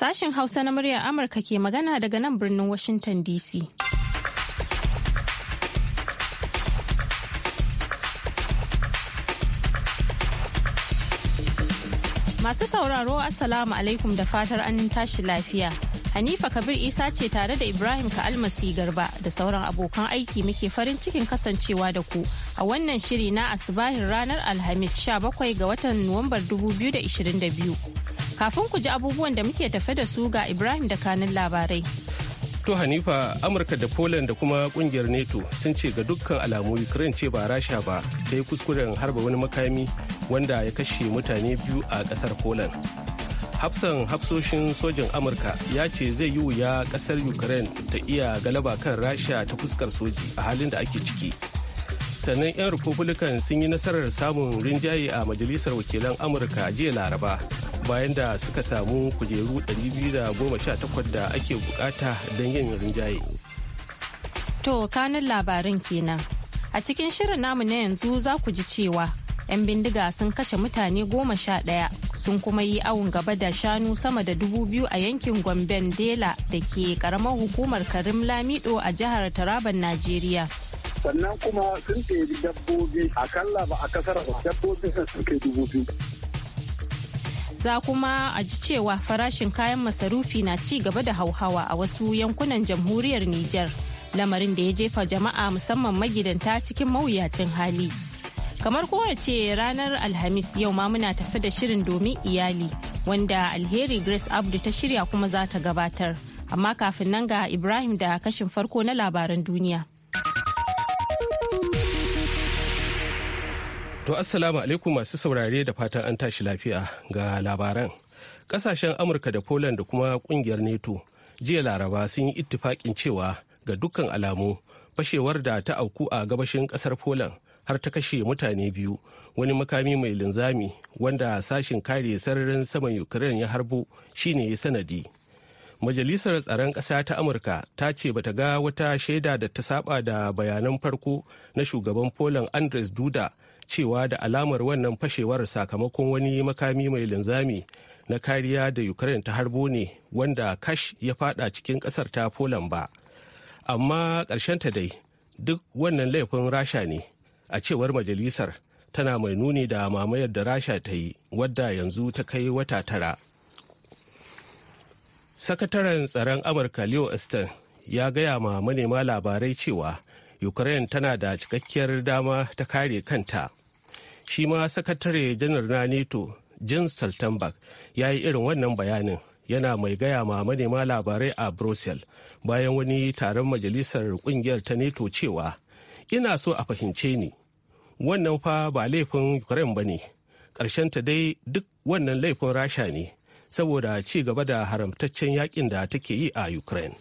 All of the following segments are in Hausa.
Sashen Hausa na muryar Amurka ke magana daga nan birnin Washington DC. Masu sauraro Assalamu alaikum da fatar an tashi lafiya. Hanifa Kabir Isa ce tare da Ibrahim ka Ka'almasi Garba da sauran abokan aiki muke farin cikin kasancewa da ku a wannan shiri na asibahin ranar Alhamis 17 ga watan Nuwambar 2022. Kafin ku ji abubuwan da muke tafe da su ga Ibrahim da kanin labarai. To Hanifa, Amurka da Poland da kuma kungiyar NATO sun ce ga dukkan alamu Ukraine ce ba rasha ba ta yi kuskuren harba wani makami wanda ya kashe mutane biyu a ƙasar Poland. hafsan hafsoshin sojin amurka ya ce zai yi wuya kasar ukraine ta iya galaba kan rasha ta fuskar soji a halin da ake ciki sannan 'yan republican sun yi nasarar samun rinjaye a majalisar wakilan amurka jiya laraba bayan da suka samu kujeru 218 da ake bukata don yin rinjaye to kanin labarin kenan a cikin shirin namu na yanzu za ku ji cewa 'yan bindiga sun kashe mutane goma sha ɗaya sun kuma yi awon gaba da shanu sama da dubu biyu a yankin gomben dela da ke karamar hukumar karim lamido a jihar taraban najeriya sannan kuma sun ɗebi dabbobi akalla ba a kasar ba dabbobi sun dubu za kuma a ji cewa farashin kayan masarufi na ci gaba da hauhawa a wasu yankunan jamhuriyar niger lamarin da ya jefa jama'a musamman magidanta cikin mawuyacin hali. Kamar kowace ranar Alhamis yau ma muna tafi da shirin domin iyali wanda alheri Grace Abdu ta shirya kuma za ta gabatar. Amma kafin nan ga Ibrahim da kashin farko na labaran duniya. To assalamu alaikum masu saurare da fatan an tashi lafiya ga labaran. Kasashen Amurka da Poland da kuma kungiyar neto jiya laraba sun yi ittifakin cewa ga dukkan alamu fashewar da ta auku a gabashin kasar Poland har ta kashe mutane biyu wani makami mai linzami wanda sashin kare sararin saman ukraine ya harbo shine ya sanadi majalisar tsaron ƙasa ta amurka ta ce bata ga wata shaida da ta saba da bayanan farko na shugaban poland andres duda cewa da alamar wannan fashewar sakamakon wani makami mai linzami na kariya da ukraine ta harbo ne wanda kash ya fada cikin ƙasar ta poland ba amma ƙarshenta dai duk wannan laifin rasha ne a cewar majalisar tana mai nuni da mamayar da rasha ta yi wadda yanzu ta kai wata tara sakataren tsaron amurka leo Austin ya gaya ma manema labarai cewa ukraine tana da cikakkiyar dama ta kare kanta shi ma sakatare janar na neto jin stoltenberg ya yi irin wannan bayanin yana mai gaya ma manema labarai a brussels bayan wani taron majalisar kungiyar ta neto cewa ina so a fahimce ni wannan fa ba laifin ukraine ba ne ta dai duk wannan laifin rasha ne saboda ci gaba da haramtaccen yakin da take yi a ukraine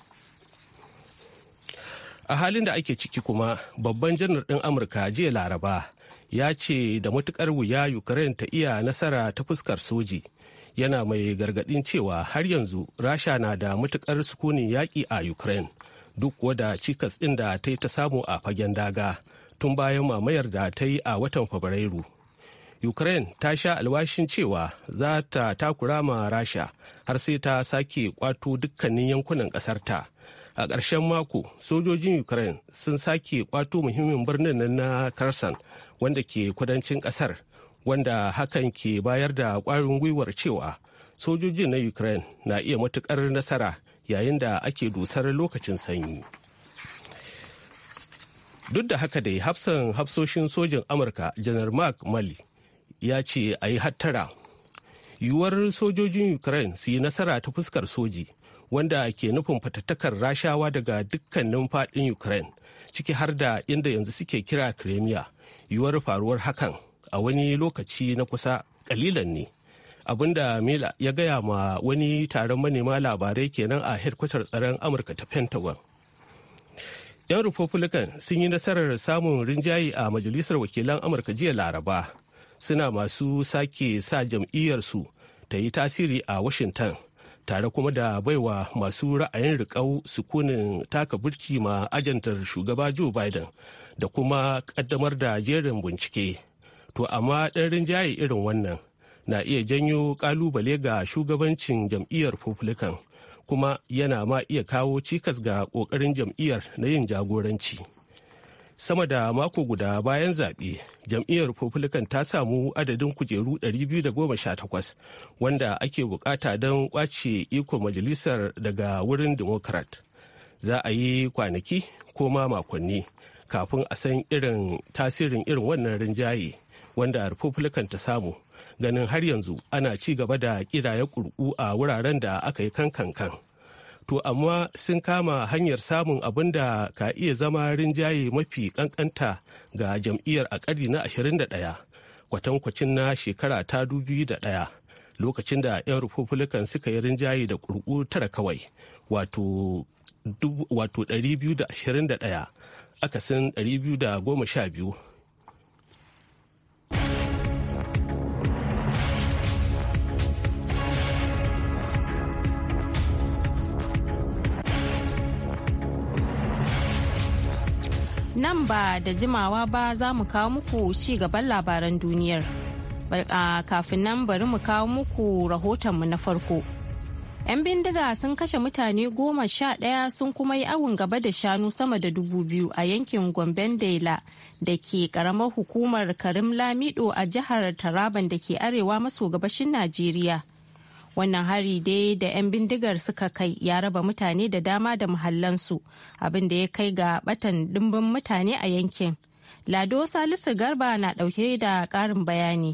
a halin da ake ciki kuma babban janar ɗin amurka jiya laraba ya ce da matukar wuya ukraine ta iya nasara ta fuskar soji yana mai gargaɗin cewa har yanzu rasha na da matukar sukunin yaƙi a ukraine duk wada cikas ɗin da ta yi ta samu a fagen daga tun bayan mamayar da ta yi a watan fabrairu ukraine ta sha alwashin cewa za ta takura ma rasha har sai ta sake kwato dukkanin yankunan ƙasarta a ƙarshen mako sojojin ukraine sun sake kwato muhimmin birnin na karsan wanda ke kudancin ƙasar wanda hakan ke bayar da ƙwarin gwiwar cewa sojojin na ukraine na iya matuƙar nasara yayin da ake dusar lokacin sanyi. duk da haka dai hafsan hafsoshin sojin amurka janar mark mali ya ce a yi hattara yiwuwar sojojin ukraine su yi nasara ta fuskar soji wanda ke nufin fatattakar rashawa daga dukkanin fadin ukraine ciki har da inda yanzu suke kira crimea yiwuwar faruwar hakan a wani lokaci na kusa kalilan ne abinda mila ya gaya ma wani taron manema labarai kenan a hedkwatar tsaron amurka ta pentagon 'yan republican sun yi nasarar samun rinjaye a majalisar wakilan amurka jiya laraba suna masu sake sa jam'iyyarsu ta yi tasiri a washington tare kuma da baiwa masu ra'ayin riƙau sukunin taka burki ma ajantar shugaba joe biden da kuma ƙaddamar da jerin bincike to amma ɗan rinjaye irin wannan na iya janyo ƙalubale ga shugabancin jam'iyyar republican kuma yana ma iya kawo cikas ga ƙoƙarin jam'iyyar na yin jagoranci. Sama da mako guda bayan zaɓe, jam'iyyar Republican ta samu adadin kujeru 218 wanda ake bukata don kwace iko majalisar daga wurin Democrat. Za a yi kwanaki ko ma makonni kafin a san irin tasirin irin wannan rinjaye wanda Republican ta samu ganin har yanzu ana ci gaba da kidaya kurku a wuraren da aka yi kankan kan to amma sun kama hanyar samun abin da ka iya zama rinjaye mafi kankanta ga jam'iyyar a ƙari na 21 kwatankwacin na shekara ta 2001 lokacin da 'yan republican suka yi rinjaye da ƙurƙu tara kawai wato 221 akasin 212 Nan ba da jimawa ba za mu kawo muku ci gaban labaran duniyar. Kafin nan bari mu kawo muku rahotonmu na farko. 'Yan bindiga sun kashe mutane goma sha ɗaya sun kuma yi awon gaba da shanu sama da dubu biyu a yankin Gomben Daila da ke karamar hukumar Karim Lamido a jihar Taraban da ke arewa maso gabashin Najeriya. wannan hari dai da 'yan bindigar suka kai ya raba mutane da dama da muhallansu abin da ya kai ga batan dimbin mutane a yankin lado salisu garba na dauke da karin bayani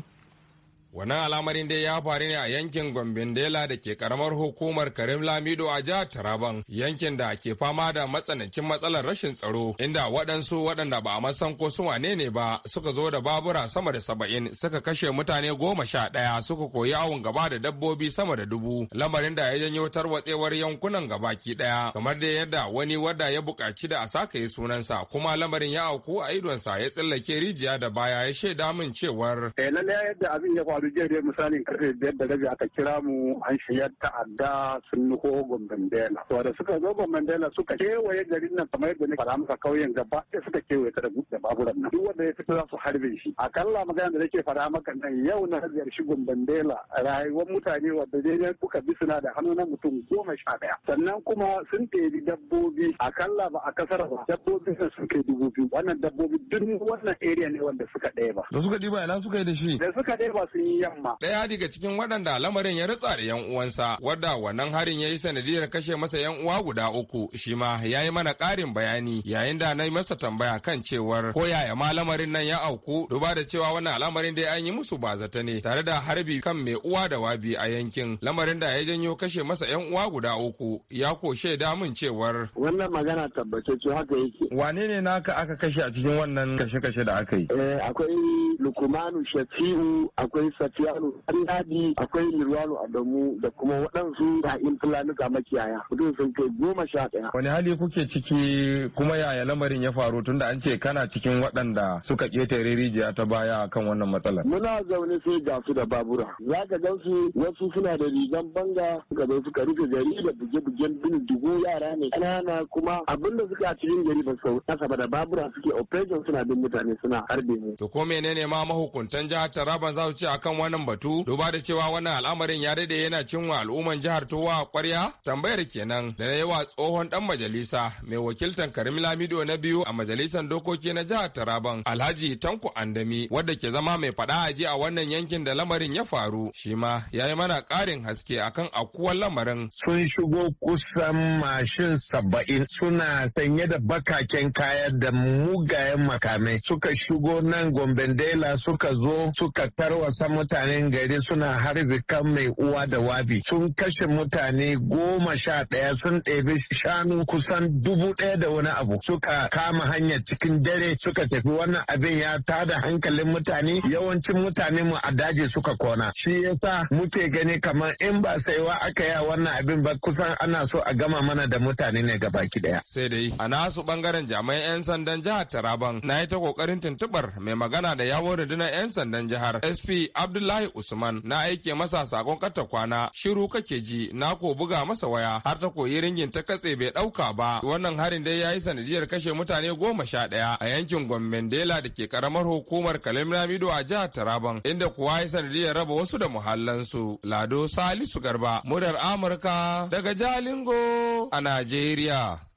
Wannan al'amarin dai ya faru ne a yankin Gombendela da ke karamar hukumar Karim Lamido a jihar Taraban, yankin da ke fama da matsanancin matsalar rashin tsaro, inda waɗansu waɗanda ba a masan ko su wane ne ba suka zo da babura sama da saba'in suka kashe mutane goma sha ɗaya suka koyi awon gaba da dabbobi sama da dubu, lamarin da ya janyo tarwatsewar yankunan gabaki ɗaya, kamar da yadda wani wadda ya buƙaci da a saka yi sunansa, kuma lamarin ya auku a idonsa ya tsallake rijiya da baya ya shaida min cewar. Eh, yadda abin ya faru jiya dai misalin karfe biyar da rabi aka kira mu an shigar ta'adda sun nuko gombin dela to da suka zo gombin dela suka kewaye garin nan kamar yadda ne fara maka kauyen gaba sai suka kewaye ta da baburan nan duk wanda ya fito za su harbe shi akalla magana da nake fara maka nan yau na shi gombin dela rayuwar mutane wadda dai kuka bi suna da hannu na mutum goma sha daya sannan kuma sun ɗebi dabbobi akalla ba a kasar ba dabbobi sun kai dubu biyu wannan dabbobi duk wannan area ne wanda suka ɗaya ba da suka ɗiba ina suka yi da shi da suka ɗaya ba sun garin yamma. Ɗaya daga cikin waɗanda lamarin ya ritsa da yan uwansa wadda wannan harin ya yi sanadiyar kashe masa yan uwa guda uku shi ma ya yi mana ƙarin bayani yayin da na yi masa tambaya kan cewar ko yaya ma lamarin nan ya auku duba da cewa wannan lamarin dai an yi musu bazata ne tare da harbi kan mai uwa da wabi a yankin lamarin da ya janyo kashe masa yan uwa guda uku ya ko shaida min cewar. Wannan magana tabbatacce haka yake. Wane ne naka aka kashe a cikin wannan kashe-kashe da aka yi? Eh, akwai Lukumanu Shafi'u akwai Safiyanu Alladi akwai Lirwano Adamu da kuma waɗansu in ra'in fulanuka makiyaya mutum sun kai goma sha ɗaya. Wani hali kuke ciki kuma yaya lamarin ya faru tunda an ce kana cikin waɗanda suka ƙetare rijiya ta baya kan wannan matsalar. Muna zaune sai ga su da babura za ka gan su wasu suna da rigan banga suka zo suka rufe gari da buge-bugen binin dubu yara ne ƙanana kuma abin da suka cikin gari ba su kasa ba da babura suke operation suna bin mutane suna harbe mu. To ko menene ma mahukuntan jihar Taraban za su ce akan kan wannan batu duba da cewa wannan al'amarin ya daidai yana cinwa al'umman jihar Towa kwarya tambayar kenan da na yawa tsohon dan majalisa mai wakiltan Karim Lamido na biyu a majalisar dokoki na jihar Taraban Alhaji Tanko Andami wadda ke zama mai faɗa aji a wannan yankin da lamarin ya faru shi ma ya yi mana ƙarin haske akan akuwan lamarin. Sun shigo kusan mashin saba'in suna sanye da bakaken kaya da mugayen makamai suka shigo nan Gombendela suka zo suka tarwa sama mutanen gari suna harbi kan mai uwa da wabi sun kashe mutane goma sha ɗaya sun ɗebi shanu kusan dubu ɗaya da wani abu suka kama hanyar cikin dare suka tafi wannan abin ya tada hankalin mutane yawancin mutane mu a daji suka kona shi yasa muke gani kamar in ba saiwa aka yi wannan abin ba kusan ana so a gama mana da mutane ne ki ɗaya. sai dai a nasu bangaren jami'an 'yan sandan jihar taraban na yi ta kokarin tuntubar mai magana da yawon rundunar 'yan sandan jihar sp Abdullahi Usman na aike masa sakon kata kwana shiru kake ji na ko buga masa waya har ta koyi ringin ta katse bai dauka ba wannan harin dai yayi sanadiyar kashe mutane goma sha ɗaya a yankin Gombendela da ke karamar hukumar Kalim a jihar Taraban inda kuwa ya sanadiyar raba wasu da muhallansu Lado Salisu Garba murar Amurka daga Jalingo a Najeriya.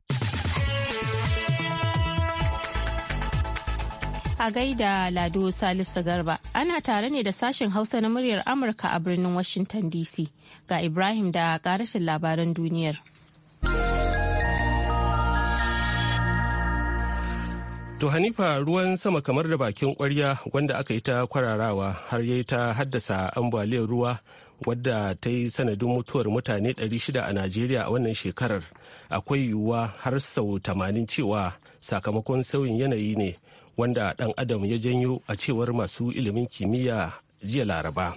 a gaida Lado Salisu Garba. Ana tare ne da sashen Hausa na muryar Amurka a birnin Washington DC. Ga Ibrahim da karashin labaran duniyar. To Hanifa ruwan sama kamar da bakin kwarya wanda aka yi ta kwararawa har yi ta haddasa ambaliyar ruwa wadda ta yi sanadin mutuwar mutane 600 a Najeriya a wannan shekarar. Akwai yiwuwa har sau 80 cewa sakamakon sauyin yanayi ne. wanda dan adam ya janyo a cewar masu ilimin kimiyya jiya laraba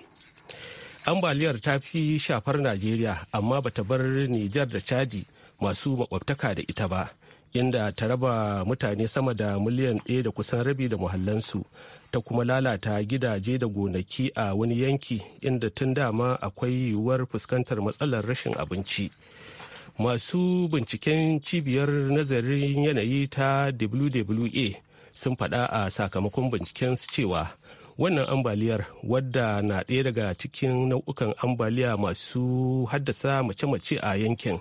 ambaliyar ta fi shafar najeriya amma bata bar nijar da chadi masu makwabtaka da ita ba inda ta raba mutane sama da miliyan ɗaya da kusan rabi da muhallansu ta kuma lalata gidaje da gonaki a wani yanki inda tun dama akwai yiwuwar fuskantar matsalar rashin abinci masu binciken cibiyar nazarin yanayi ta wwa sun faɗa a sakamakon bincikensu cewa wannan ambaliyar wadda na ɗaya daga cikin nau'ukan ambaliya masu haddasa mace-mace a yankin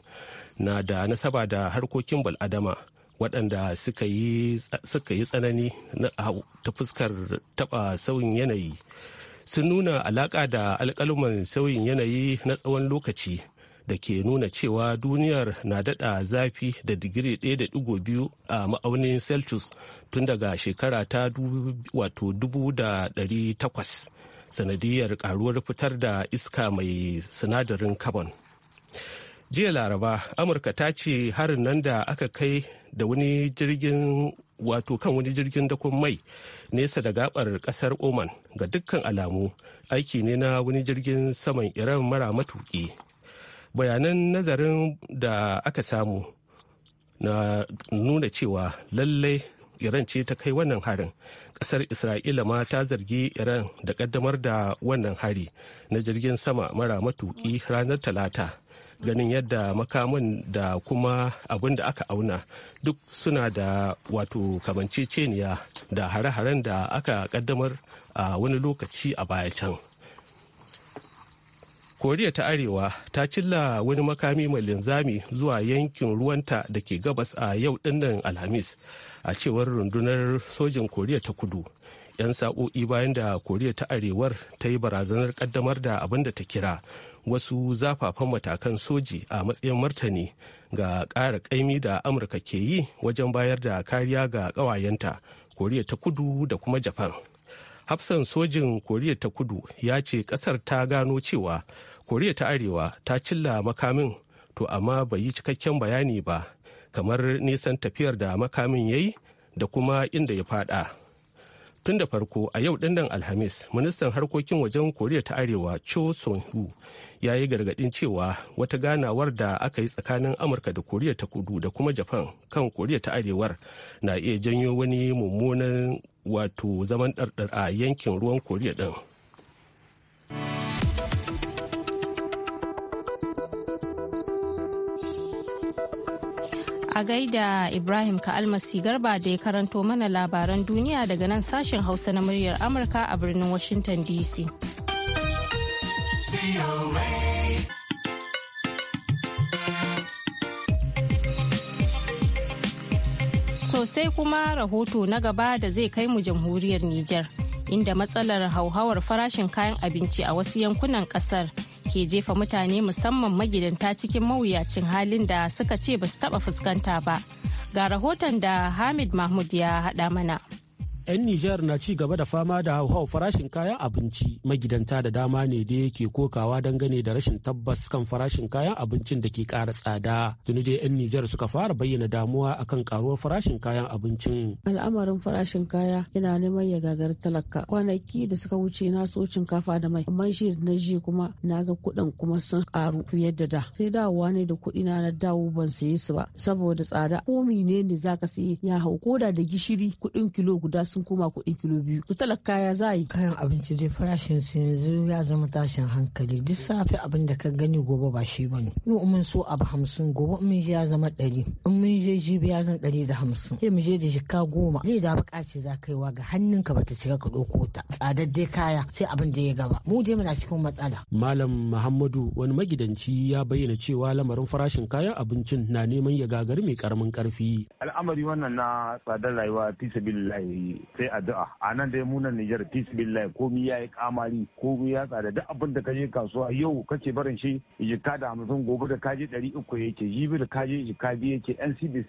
na da nasaba da harkokin bal'adama waɗanda suka yi tsanani ta fuskar taɓa sauyin yanayi sun nuna alaƙa da alƙaluman sauyin yanayi na tsawon lokaci da ke nuna cewa duniyar na daɗa zafi da digiri 1.2 a ma'aunin celsius tun daga shekara ta wato 1800 sanadiyar karuwar fitar da iska mai sinadarin carbon jiya laraba amurka ta ce harin nan da aka kai da wani jirgin wato kan wani jirgin dakon mai nesa da gabar kasar oman ga dukkan alamu aiki ne na wani jirgin saman iran mara matuki bayanan nazarin da aka samu na nuna cewa lallai iran ce ta kai wannan harin kasar isra'ila ma ta zargi iran da kaddamar da wannan hari na jirgin sama mara matuki ranar talata ganin yadda makaman da kuma abin da aka auna duk suna da wato kamanceceniya da hare-haren da aka kaddamar a wani lokaci a baya can. koriya ta arewa ta cilla wani makami mai linzami zuwa yankin ruwanta da ke gabas a yau dinnan alhamis a cewar rundunar sojin koriya ta kudu 'yan sa'o'i bayan da koriya ta arewar ta yi barazanar kaddamar da abin da ta kira wasu zafafan matakan soji a matsayin martani ga ƙara ƙaimi da amurka ke yi wajen bayar da kariya ga ƙawayenta koriya ta kudu da kuma japan hafsan sojin koriya ta kudu ya ce kasar ta gano cewa koriya ta arewa ta cilla makamin to amma bai yi cikakken bayani ba kamar nisan tafiyar da makamin ya yi da kuma inda ya fada tun da farko a yau dinnan alhamis ministan harkokin wajen koriya ta arewa cho son hu ya yi gargadin cewa wata ganawar da aka yi tsakanin amurka da koriya ta kudu da kuma japan kan koriya ta arewar na iya janyo wani mummunan wato zaman ɗarɗar a yankin ruwan koriya ɗin. a gaida Ibrahim Ka'almasi Garba da ya karanto mana labaran duniya daga nan sashen Hausa na muryar Amurka a birnin Washington DC. Sosai kuma rahoto na gaba da zai kai mu jamhuriyar Nijar, inda matsalar hauhawar farashin kayan abinci a wasu yankunan kasar ke jefa mutane musamman magidanta cikin mawuyacin halin da suka ce ba su taba fuskanta ba. Ga rahoton da Hamid Mahmud ya haɗa mana. 'yan Nijar na ci gaba da fama da hauhau farashin kayan abinci magidanta da dama ne da yake kokawa dangane da rashin tabbas kan farashin kayan abincin da ke ƙara tsada. Tuni dai 'yan Nijar suka fara bayyana damuwa akan karuwar farashin kayan abincin. Al'amarin farashin kaya yana neman ya gagar talaka. Kwanaki da suka wuce na so shinkafa da mai amma shi na ji kuma na ga kuɗin kuma sun ƙaru fiye da da. Sai dawowa ne da kuɗi na dawo ban saye su ba saboda tsada. Ko za zaka sayi ya hau koda da gishiri kuɗin kilo guda sun koma kuɗi kilo biyu ku talaka ya za yi kayan abinci dai farashin su yanzu ya zama tashin hankali duk safe abin da ka gani gobe ba shi bane yau mun so abu hamsin gobe mun je ya zama ɗari in mun je jibi ya zama ɗari da hamsin sai mu je da jikka goma ne da buƙaci za ka yi wa ga hannunka bata cika ka ɗauko ta tsadar dai kaya sai abin da ya gaba mu dai muna cikin matsala. malam muhammadu wani magidanci ya bayyana cewa lamarin farashin kayan abincin na neman ya gagari mai karamin karfi. al'amari wannan na tsadar rayuwa fi sai addu'a a nan dai munan Nijar bismillah komi ya yi kamari komi ya tsada duk abin da kaje kasuwa yau kake barin shi jika da hamsin gobe da kaje ɗari uku yake jibi da kaje jika biyu yake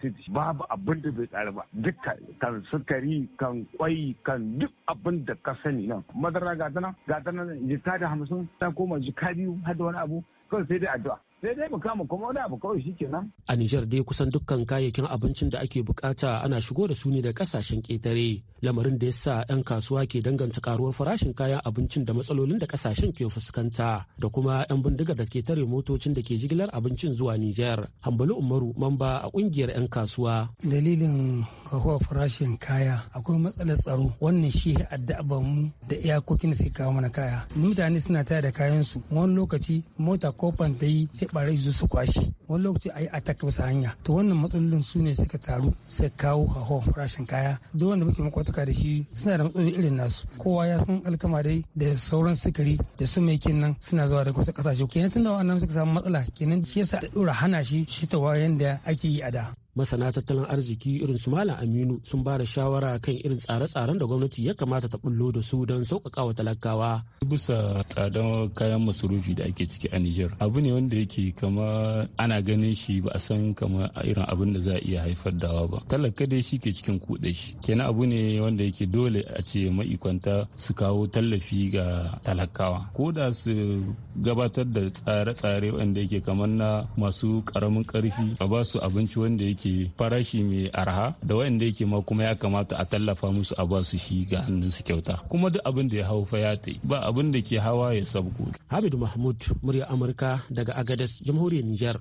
city. babu abin da bai tsara ba duka kan sukari kan kwai kan duk abin da ka sani nan madara ga tana ga jika da hamsin ta koma jika biyu har da wani abu kan sai dai addu'a sai dai mu kama kuma wani abu kawai shikenan a Nijar dai kusan dukkan kayayyakin abincin da ake bukata ana shigo da su ne da kasashen ketare lamarin da ya sa 'yan kasuwa ke danganta karuwar farashin kayan abincin da matsalolin da kasashen ke fuskanta da kuma 'yan bindigar da ke tare motocin da ke jigilar abincin zuwa Nijar Hambali Umaru mamba a kungiyar 'yan kasuwa dalilin kahuwar farashin kaya akwai matsalar tsaro wannan shi addaban mu da iyakokin da suke kawo mana kaya mutane suna taya da kayan su wani lokaci mota kofan ta yi sai barayi su su kwashi wani lokaci a yi hanya to wannan matsalolin su ne suka taru sai kawo hawan farashin kaya duk wanda muke makwataka da shi suna da matsaloli irin nasu kowa ya san alkama dai da sauran sikari da su mai nan suna zuwa daga wasu kasashe kenan tunda wannan suka samu matsala kenan shi yasa da dora hana shi shi ta da ake yi a da masana tattalin arziki irin su malam aminu sun ba da shawara kan irin tsare-tsaren da gwamnati ya kamata ta bullo da su don sauƙaƙa wa talakawa bisa tsadar kayan masarufi da ake ciki a niger abu ne wanda yake kama ana ganin shi ba a san kama irin abin da za a iya haifar dawa ba talaka dai shi ke cikin kuɗe shi kenan abu ne wanda yake dole a ce ma'ikwanta su kawo tallafi ga talakawa ko da su gabatar da tsare-tsare wanda yake kamar na masu ƙaramin ƙarfi a ba su abinci wanda yake yake farashi mai arha da wayanda yake ma kuma ya kamata a tallafa musu a ba su shi ga hannun su kyauta kuma duk abin da ya hau fa ya tai ba abin da ke hawa ya sabgo. Habib Mahmud murya Amurka daga Agadez jamhuriyar Nijar.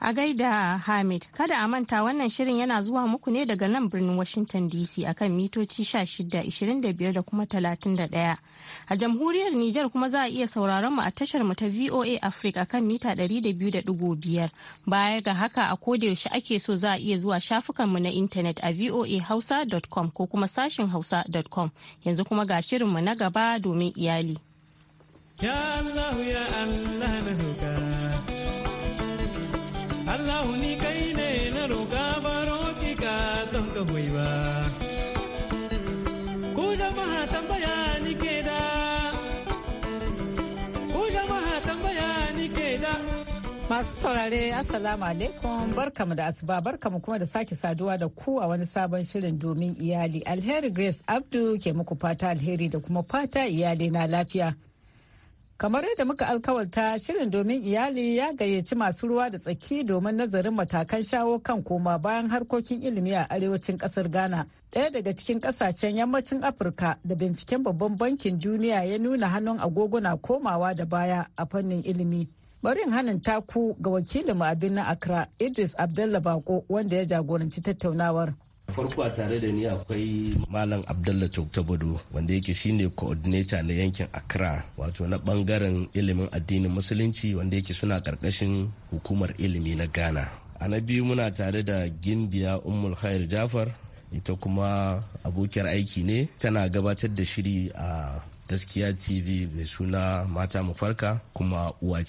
A gaida Hamid, kada a manta wannan shirin yana zuwa muku ne daga nan birnin Washington DC akan mitoci 16, 25 da kuma 31. A jamhuriyar Nijar kuma za a iya sauraron mu a tashar mu ta VOA Africa akan mita 200.5. Baya ga haka a kodayaushe ake so za a iya zuwa shafukan mu na intanet a voahausa.com ko kuma sashin hausa.com. Yanzu kuma ga shirin mu na gaba domin iyali. Ya Allah ya Allah na Allah ni kai ne na roƙa baro ki ka don ka hoyi ba. Ku jama'a tambaya ni ke da, ku jama'a tambaya ni ke da. Masu saurare Assalamu alaikum barkamu da asuba barkamu kuma da sake saduwa da ku a wani sabon shirin domin iyali. Alheri Grace Abdu ke muku fata alheri da kuma fata iyali na lafiya. Kamar yadda muka alkawarta shirin domin iyali ya gayyaci masu ruwa da tsaki domin nazarin matakan shawo kan koma bayan harkokin ilimi a arewacin kasar Ghana. Ɗaya daga cikin ƙasashen yammacin Afirka da binciken babban bankin duniya ya nuna hannun agoguna komawa da baya a fannin ilimi. Barin hannun taku ga wakilin mu a birnin Accra Idris Abdallah Bako wanda ya jagoranci tattaunawar. farko a tare da ni akwai malam abdullah bado wanda yake shine coordinator na yankin accra wato na bangaren ilimin addinin musulunci wanda yake suna karkashin hukumar ilimi na ghana a na biyu muna tare da gimbiya ummul khair jafar ita kuma abokiyar aiki ne tana gabatar da shiri a gaskiya tv mai suna mata mu farka kuma uwa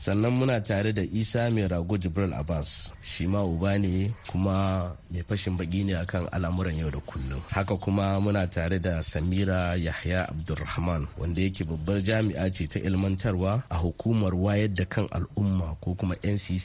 sannan muna tare da isa mai rago jibril abbas shi ma uba ne kuma mai fashin baki ne akan al'amuran yau da kullum haka kuma muna tare da samira yahya abdulrahman wanda yake babbar jami'a ce ta ilmantarwa a hukumar wayar da kan al'umma ko kuma ncce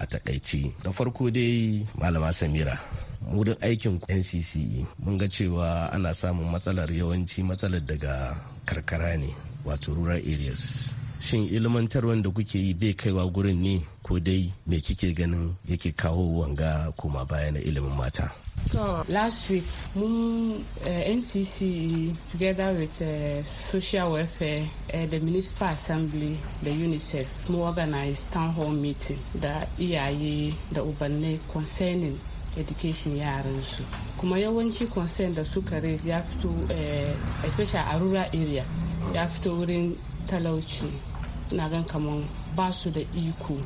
a takaice da farko dai malama samira mudin aikin ncce mun ga cewa ana samun matsalar yawanci matsalar daga karkara ne wato rural areas shin ilmantarwar da kuke yi bai kaiwa gurin ne ko dai me kike ganin yake kawo wanga koma baya na ilimin mata so last week mun uh, eh, ncc together with uh, social welfare uh, the municipal assembly da unicef mun organize town hall meeting da iyaye da ubanne concerning education yaransu kuma yawanci concern da suka raise ya fito especially a rural area ya fito wurin talauci ina gan kamar ba su da iko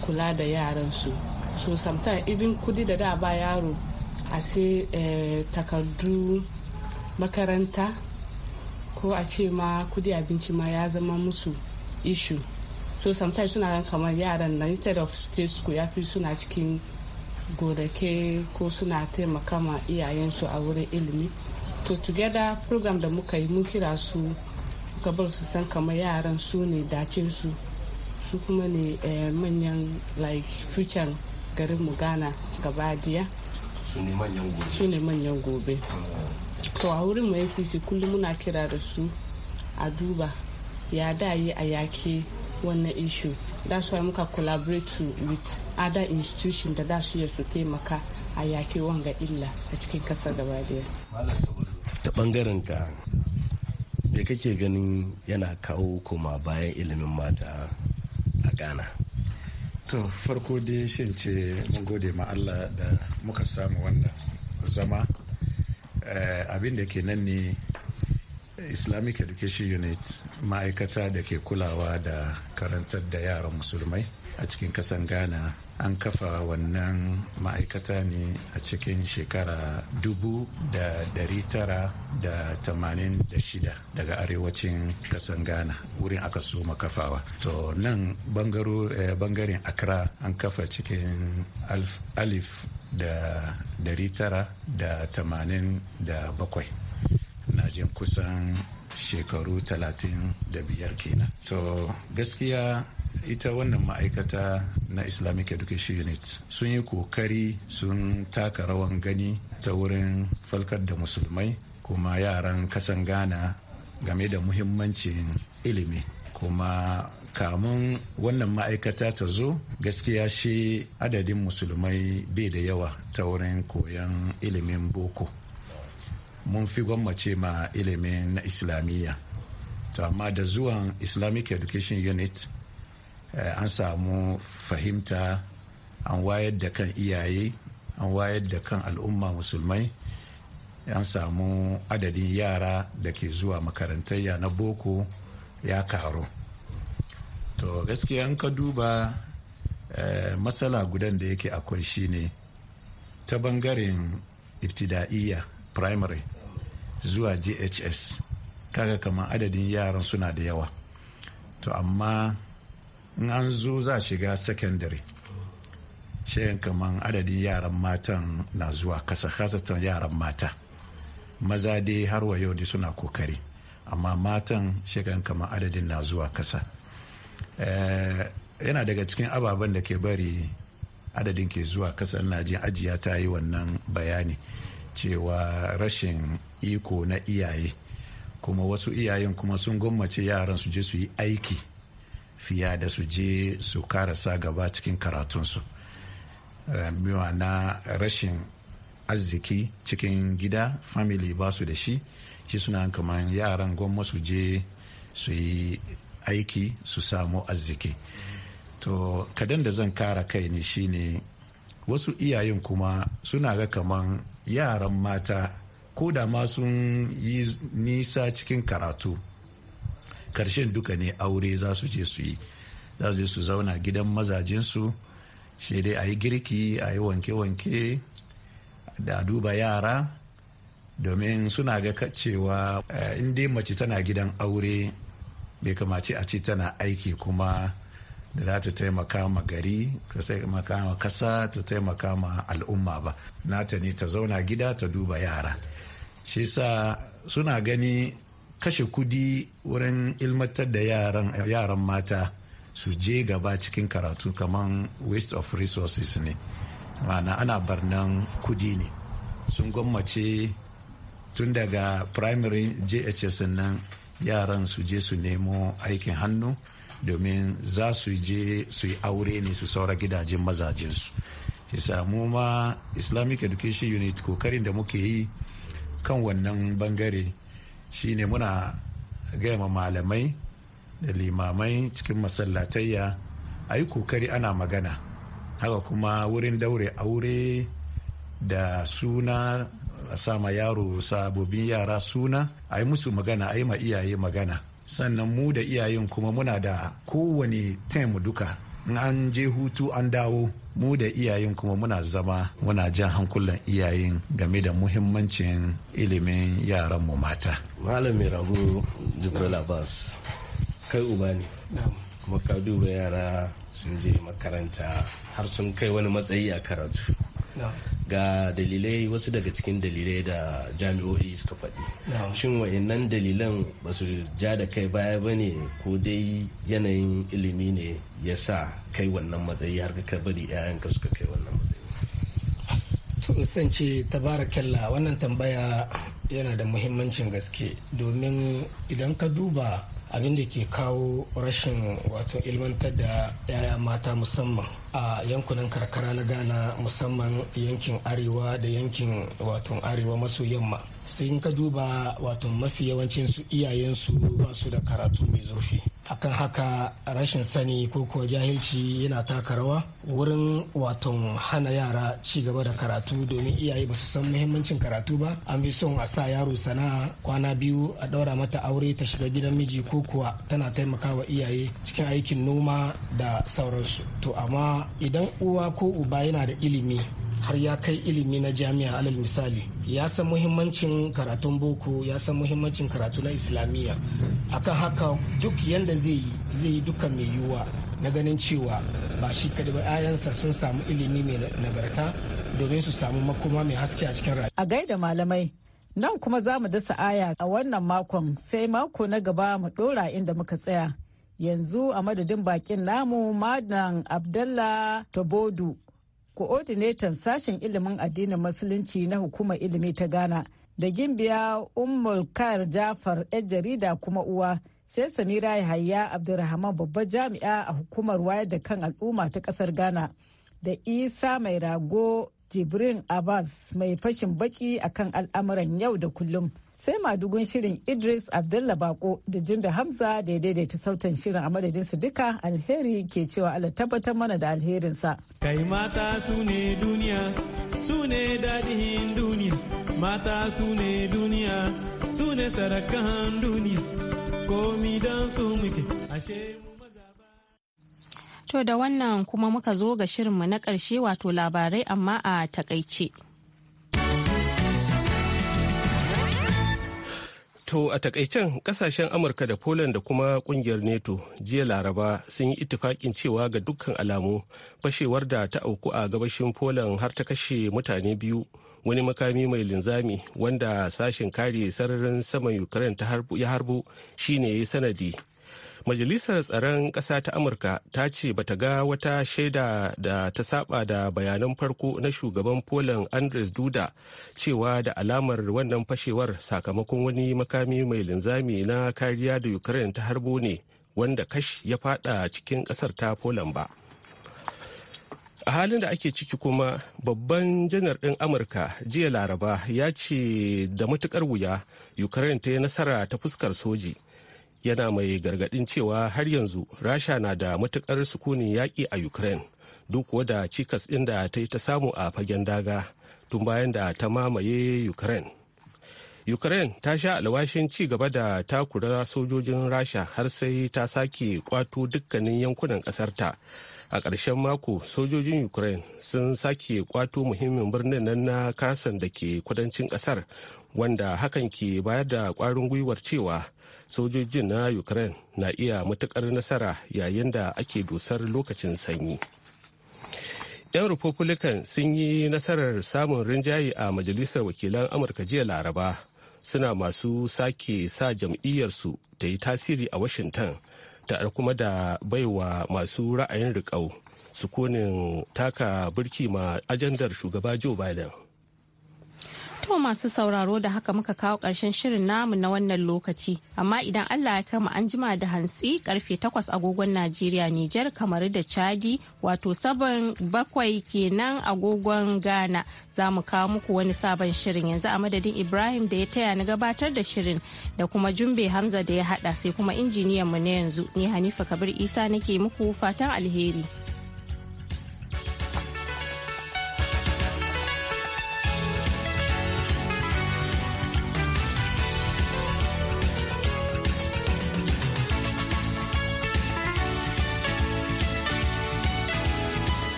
kula da yaransu so sometimes even kudi da da ba yaro a sai eh, takardu makaranta ko a ce ma kudi abinci ma ya zama musu ishu so sometimes suna gan kamar yaran na instead of state school ya fi suna cikin godake ko suna taimaka ma iyayensu a wurin ilimi to together program da muka yi mun kira su suka bar su san kamar yaran su ne dace su su kuma ne eh, manyan like future garin mu gana gabadiya su ne manyan gobe ah. to a wurin mu ncc kullum muna kira da su a duba ya da yi a yake wannan issue that's why muka collaborate with other institution da da su su taimaka a yake wanga illa a cikin kasar gaba daya ta bangaren ka me kake ganin yana kawo koma bayan ilimin mata a ghana to farko dai shin ce mun gode ma allah da muka samu wannan zama eh, abin da ke nan ne islamic education unit ma'aikata da ke kulawa da karantar da yaran musulmai a cikin kasan ghana an kafa wannan ma'aikata ne a cikin shekara dubu da dari tara da tamanin da shida daga arewacin kasan ghana wurin aka so kafawa to nan eh, bangaren accra an kafa cikin alif da dari tara da tamanin da bakwai na jin kusan shekaru talatin da biyar kenan to gaskiya ita wannan ma'aikata na islamic education unit sun yi kokari sun taka rawan gani ta wurin falkar da musulmai kuma yaran kasan ghana game da muhimmancin ilimi kuma kamun wannan ma'aikata ta zo gaskiya shi adadin musulmai bai da yawa ta wurin koyon ilimin boko mun fi gwammace ma ilimin na islamiyya to amma da zuwan islamic education unit Eh, an samu fahimta an wayar da kan iyaye an wayar da kan al'umma musulmai an samu adadin yara da ke zuwa makarantayya na boko ya karu to gaskiya an ka duba eh, matsala gudan da yake akwai shine ta bangaren ibtida'iyya primary zuwa ghs kaga kamar adadin yaran suna da yawa to amma in an zo za shiga secondary shayin kaman adadin yaran matan na zuwa kasa kasatan yaran mata maza dai har wa yau dai suna kokari amma matan shayin kaman adadin na zuwa kasa eh, yana daga cikin ababen da ke bari adadin ke zuwa kasa na jin ajiya ta yi wannan bayani cewa rashin iko na iyaye kuma wasu iyayen kuma sun gwammace yaran su je su yi aiki fiya da su je su karasa gaba cikin karatunsu rambiwa eh, na rashin arziki cikin gida family ba su da shi shi suna kamar yaran gwamma su je su yi aiki su samu arziki to kadan da zan kara kai ne shine wasu iyayen kuma suna ga kamar yaran mata ko da ma sun yi nisa cikin karatu karshen duka ne aure za su je su yi za su je su zauna gidan mazajinsu shi dai a yi girki a yi wanke-wanke da duba yara domin suna ga cewa eh, in dai mace tana gidan aure bai kamace a ce tana aiki kuma da za ta taimaka ma gari ta taimaka ma kasa ta taimaka ma al'umma ba nata ne ta zauna gida ta duba yara shi sa suna gani kashe kudi wurin ilmantar da yaran mata su je gaba cikin karatu kamar waste of resources ne ma'ana ana barnan kudi ne sun gwammace tun daga primary jhs nan yaran su je su nemo aikin hannu domin za su je su yi aure ne su saura gidajen mazajensu ya samu ma islamic education unit kokarin da muke yi kan wannan bangare shine muna gaya ma malamai da limamai cikin masallatayya a yi kokari ana magana haka kuma wurin daure aure da suna a sama yaro sabobin yara suna a yi musu magana a yi ma iyaye magana sannan mu da iyayen kuma muna da kowane tem duka in an je hutu an dawo mu da iyayen kuma muna zama muna jan hankulan iyayen game da muhimmancin ilimin yaranmu mata. Malam Rabu Jibril Abbas kai uba ne. Kuma ka duba yara sun je makaranta har sun kai wani matsayi a karatu. ga dalilai wasu daga cikin dalilai da jami'o'i suka faɗi shin wa'annan dalilan ba su ja da kai baya ba ne ko dai yanayin ilimi ne ya sa kai wannan matsayi har ka bari 'ya'yanka suka kai wannan matsayi san ce tabarakalla wannan tambaya yana da muhimmancin gaske domin idan ka duba abin da ke kawo rashin wato ilmantar da 'ya'ya mata musamman a yankunan karkara na ghana musamman yankin arewa da yankin wato arewa maso yamma sai in ka duba wato mafi yawancin su iyayensu ba su da karatu mai zurfi akan haka rashin sani ko kuwa jahilci yana taka rawa wurin wato hana yara ci gaba da karatu domin iyaye ba su san muhimmancin karatu ba an fi son a sa yaro sana'a kwana biyu a ɗaura mata aure ta shiga gidan miji ko kuwa tana taimakawa iyaye cikin aikin noma da sauransu to amma idan uwa ko uba yana da ilimi har ya kai ilimi na jami'a alal misali ya san muhimmancin karatun boko ya san muhimmancin karatu na islamiyya akan haka duk yanda zai yi zai yi dukkan mai yiwuwa na ganin cewa ba shi kadai ba 'ya'yansa sun samu ilimi mai nagarta domin su samu makoma mai haske a cikin rayuwa. A gaida malamai, nan kuma za mu dasa aya a wannan makon sai mako na gaba mu ɗora inda muka tsaya. Yanzu a madadin bakin namu Madan Abdallah Tobodu Koordinatan sashen ilimin addinin musulunci na hukumar ilimi ta ghana da gimbiya ummul kar jafar yar jarida kuma uwa sai samira yahaya abdulrahman babbar jami'a a hukumar wayar da kan al'umma ta kasar ghana da isa mai rago jibrin abbas mai fashin baki akan al'amuran yau da kullum sai madugun shirin idris abdullah bako da jimbe hamza da ya daidaita sautan shirin a madadin su duka alheri ke cewa ala tabbatar mana da alherinsa kai mata su ne duniya su ne dadihin duniya mata su ne duniya su ne sarakan duniya komi don su muke ashe To da wannan kuma muka zo ga shirinmu na ƙarshe wato labarai amma a takaice. To a takaicen kasashen Amurka da Poland da kuma kungiyar NATO jiya Laraba sun yi itifakin cewa ga dukkan alamu fashewar da ta auku a gabashin Poland har ta kashe mutane biyu wani makami mai linzami wanda sashen kare sararin saman Ukraine ya harbo shine ya yi sanadi majalisar tsaron ƙasa ta amurka ta ce bata ga wata shaida da ta saba da bayanan farko na shugaban poland andres duda cewa da alamar wannan fashewar sakamakon wani makami mai linzami na kariya da ukraine ta harbo ne wanda kash ya fada cikin ƙasar ta poland ba a halin da ake ciki kuma babban janar ɗin amurka jiya laraba ya ce da matukar wuya ukraine ta yi nasara ta fuskar soji yana mai gargadin cewa har yanzu rasha na da matukar sukunin yaƙi a ukraine duk da cikas ɗin da ta yi ta samu a fagen daga tun bayan da ta mamaye ukraine ukraine ta sha alwashin ci gaba da takura sojojin rasha har sai ta sake kwato dukkanin yankunan ƙasarta a ƙarshen mako sojojin ukraine sun sake kwato muhimmin birnin nan na kasan da ke kudancin ƙasar wanda hakan ke bayar da kwarin gwiwar cewa sojojin na ukraine na iya matukar nasara yayin da ake dusar lokacin sanyi yan republican sun yi nasarar samun rinjaye a majalisar wakilan amurka jiya laraba suna masu sake sa jam'iyyarsu ta yi tasiri a washington ta kuma da baiwa masu ra'ayin riƙau sukunin taka birki ma ajandar shugaba joe biden To masu sauraro da haka muka kawo ƙarshen shirin namu na wannan lokaci. Amma idan Allah ya kama an jima da hantsi karfe takwas agogon Najeriya Nijar kamar da Chadi wato saban bakwai kenan agogon Ghana za mu kawo muku wani sabon shirin yanzu a madadin Ibrahim da ya taya ni gabatar da shirin da kuma Jumbe Hamza da ya hada sai kuma injiniyan mu na yanzu ni Hanifa Kabir Isa nake muku fatan alheri.